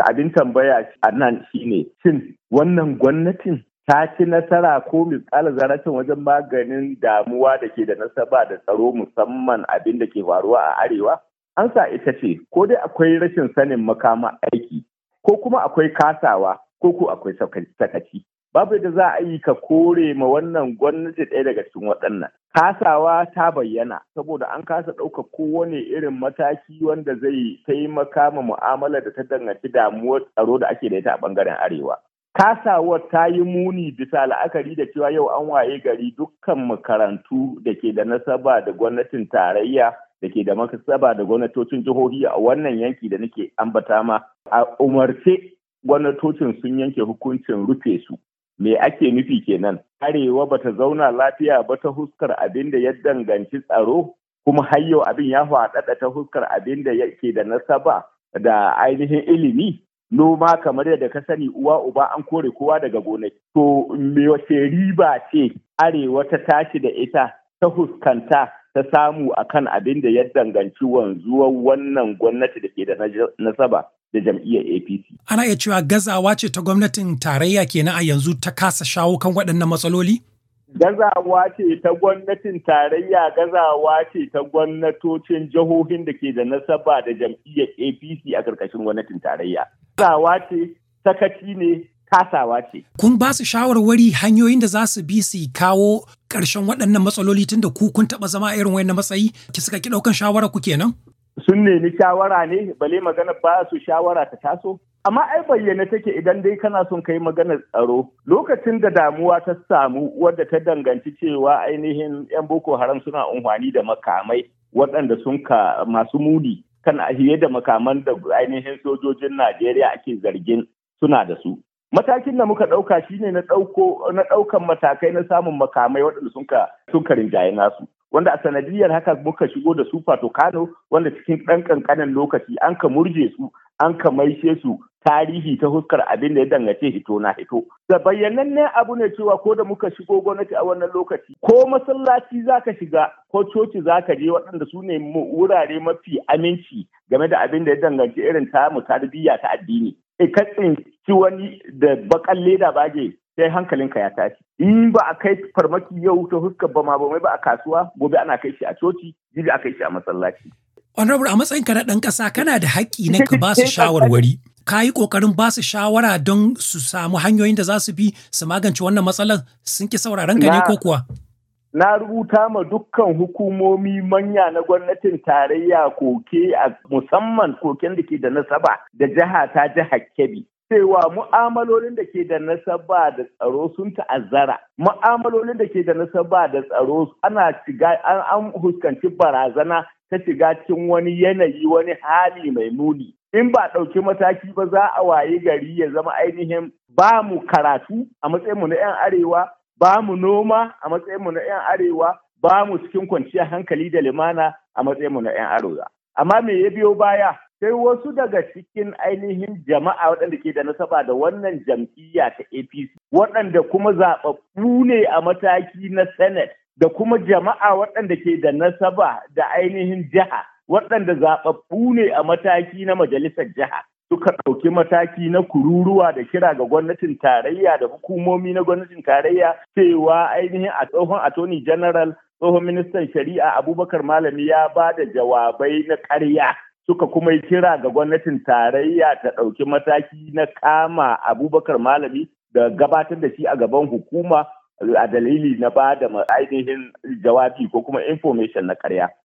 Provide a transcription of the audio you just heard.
Abin tambaya a nan shine shin wannan gwamnatin ta ci nasara ko misali zarafin wajen maganin damuwa da ke da nasaba da tsaro musamman abin da ke faruwa a arewa? An sa ita ce ko dai akwai rashin sanin makama aiki ko kuma akwai kasawa ko ko akwai sakaci. babu yadda za a yi ka kore ma wannan gwamnati ɗaya daga cikin waɗannan kasawa ta bayyana saboda an kasa ɗaukar kowane irin mataki wanda zai taimaka ma mu'amala da ta danganci damuwar tsaro da ake da ita a ɓangaren arewa kasawa ta yi muni bisa la'akari da cewa yau an waye gari dukkan makarantu da ke da nasaba da gwamnatin tarayya da ke da nasaba da gwamnatocin jihohi a wannan yanki da nake ambata ma a umarce gwamnatocin sun yanke hukuncin rufe su me ake nufi kenan arewa bata zauna lafiya ba ta huskar abin da ya danganci tsaro kuma har yau abin ya faɗaɗa ta huskar abin da yake da nasaba da ainihin ilimi noma kamar yadda ka sani uwa uba an kore kowa daga gonaki to me wace riba ce arewa ta tashi da ita ta huskanta ta samu akan abin da ya danganci wanzuwar wannan gwamnati da ke da nasaba da jam'iyyar APC. Ana iya cewa gazawa ce ta gwamnatin tarayya kenan a yanzu ta kasa shawo kan waɗannan matsaloli? Gazawa ce ta gwamnatin tarayya gazawa ce ta gwamnatocin jihohin da ke da nasaba da jam'iyyar APC a karkashin gwamnatin tarayya. Gazawa ce, sakaci ne, kasawa ce. Kun ba su shawarwari hanyoyin da za su bi su kawo ƙarshen waɗannan matsaloli tun ku kun taɓa zama irin wayan matsayi, ki suka ki ɗaukan shawara ku kenan? sun nemi shawara ne bale magana ba su shawara ta taso amma ai bayyana take idan dai kana son kai maganar tsaro lokacin da damuwa ta samu wadda ta danganci cewa ainihin yan boko haram suna unhwani da makamai waɗanda sun ka masu muni kan ahiye da makaman da ainihin sojojin najeriya ake zargin suna da su matakin da muka ɗauka shine na ɗaukan matakai na samun makamai waɗanda sun ka rinjaye nasu wanda a sanadiyar haka muka shigo da su fato kano wanda cikin ɗan ƙanƙanin lokaci an ka murje su an ka maishe su tarihi ta huskar abin da ya dangace hito na hito. Da bayyanannen abu ne cewa ko da muka shigo gwamnati a wannan lokaci ko masallaci za ka shiga ko coci za ka je waɗanda su ne wurare mafi aminci game da abin da ya danganci irin ta mu tarbiyya ta addini. E ka tsinci wani da bakan leda bage sai hankalinka ya tashi in ba a kai farmaki yau ta huska ba ma ba a kasuwa gobe ana kai shi a coci jibi a kai shi a masallaci honorable a matsayin ka na ɗan ƙasa kana da haƙƙi na ka ba su shawarwari ka yi ƙoƙarin ba su shawara don su samu hanyoyin da za su bi su magance wannan matsalar sun ki sauraron ka ne ko kuwa na rubuta ma dukkan hukumomi manya na gwamnatin tarayya koke a musamman koken da ke da nasaba da jiha ta jihar kebbi cewa mu'amalolin da ke da nasaba da tsaro sun ta'azzara mu'amalolin da ke da nasaba da tsaro ana shiga an huskanci barazana ta shiga cikin wani yanayi wani hali mai muni in ba ɗauki mataki ba za a wayi gari ya zama ainihin ba mu karatu a matsayinmu na 'yan arewa ba mu noma a matsayinmu na 'yan arewa ba mu cikin kwanciyar hankali da limana a matsayinmu na 'yan arewa amma me ya biyo baya sai wasu daga cikin ainihin jama'a waɗanda ke da nasaba da wannan jam'iyya ta apc waɗanda kuma zaɓaɓɓu ne a mataki na senate da kuma jama'a waɗanda ke da nasaba da ainihin jiha waɗanda zaɓaɓɓu ne a mataki na majalisar jiha suka ɗauki mataki na kururuwa da kira ga gwamnatin tarayya da hukumomi na gwamnatin tarayya cewa ainihin a tsohon attorney general tsohon ministan shari'a abubakar malami ya ba da jawabai na ƙarya suka kuma yi kira ga gwamnatin tarayya ta ɗauki mataki na kama abubakar malami da gabatar da shi a gaban hukuma a dalili na ba da ainihin jawabi ko kuma information na karya.